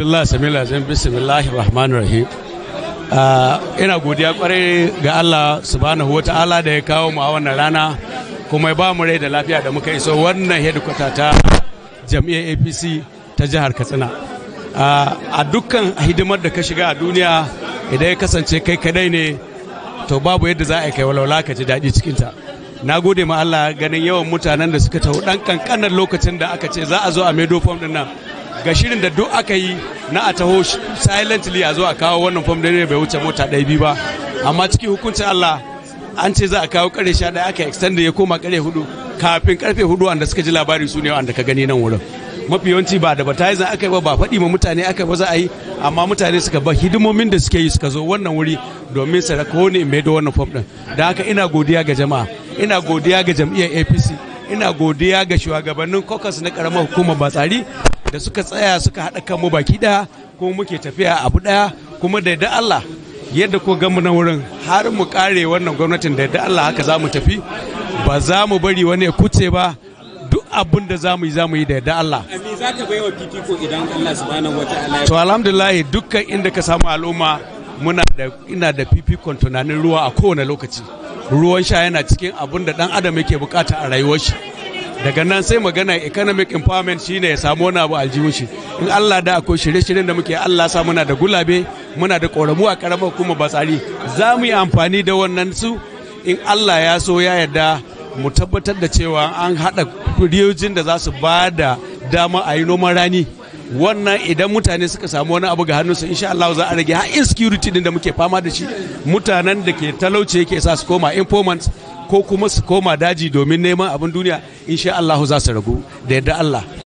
Abdullahi samil azim bismillahir rahmanir rahim ah, ina godiya kwarai ga Allah subhanahu wata'ala da ya kawo mu a wannan rana kuma ya ba mu rai da lafiya da muka iso wannan hedikwata ta jam'iyyar APC ta jihar Katsina ah, a dukkan hidimar da ka shiga a duniya idan ya kasance kai kadai ne to babu yadda za a kai walwala ka ji daɗi cikinta na gode ma Allah ganin yawan mutanen da suka taho ɗan kankanar lokacin da aka ce za a zo a maido fom ɗin nan ga shirin da duk aka yi na a taho silently a zo a kawo wannan fam da bai wuce mota ɗaya biyu ba amma cikin hukuncin Allah an ce za a kawo kare sha ɗaya aka extend ya koma kare hudu kafin karfe hudu wanda suka ji labari su ne wanda ka gani nan wurin mafi yawanci ba da batayizan aka yi ba ba faɗi ma mutane aka ba za a yi amma mutane suka ba hidimomin da suke yi suka zo wannan wuri domin su rako ne mai da wannan fom ɗin da haka ina godiya ga jama'a ina godiya ga jam'iyyar apc ina godiya ga shugabannin caucus na karamar hukumar batsari da suka tsaya suka haɗa kanmu baki ɗaya kuma muke tafiya abu ɗaya kuma da yadda Allah yadda ko gamu na wurin har mu kare wannan gwamnatin da yadda Allah haka za mu tafi ba za mu bari wani ya kuce ba duk abin da za mu yi za mu yi da yadda Allah. Me za ka baiwa fifiko idan Allah subhanahu wa ta'ala To alhamdulillah dukkan inda ka samu al'umma muna da ina da fifikon tunanin ruwa a kowane lokaci. Ruwan sha yana cikin abin da dan adam yake bukata a rayuwar shi. daga nan sai magana economic empowerment shine ya samu wani abu aljihun shi in Allah da akwai shirye-shiryen da muke Allah sa muna da gulabe muna da koramu a karamar kuma batsari za mu yi amfani da wannan su in Allah ya so ya yarda mu tabbatar da cewa an haɗa kuriyojin da za su ba da dama a yi noman rani wannan idan mutane suka samu wani abu ga hannunsu insha Allah za a rage har insecurity din da muke fama da shi mutanen da ke talauce yake sa su koma informants ko kuma su koma daji domin neman abin duniya insha Allah za su ragu da yadda Allah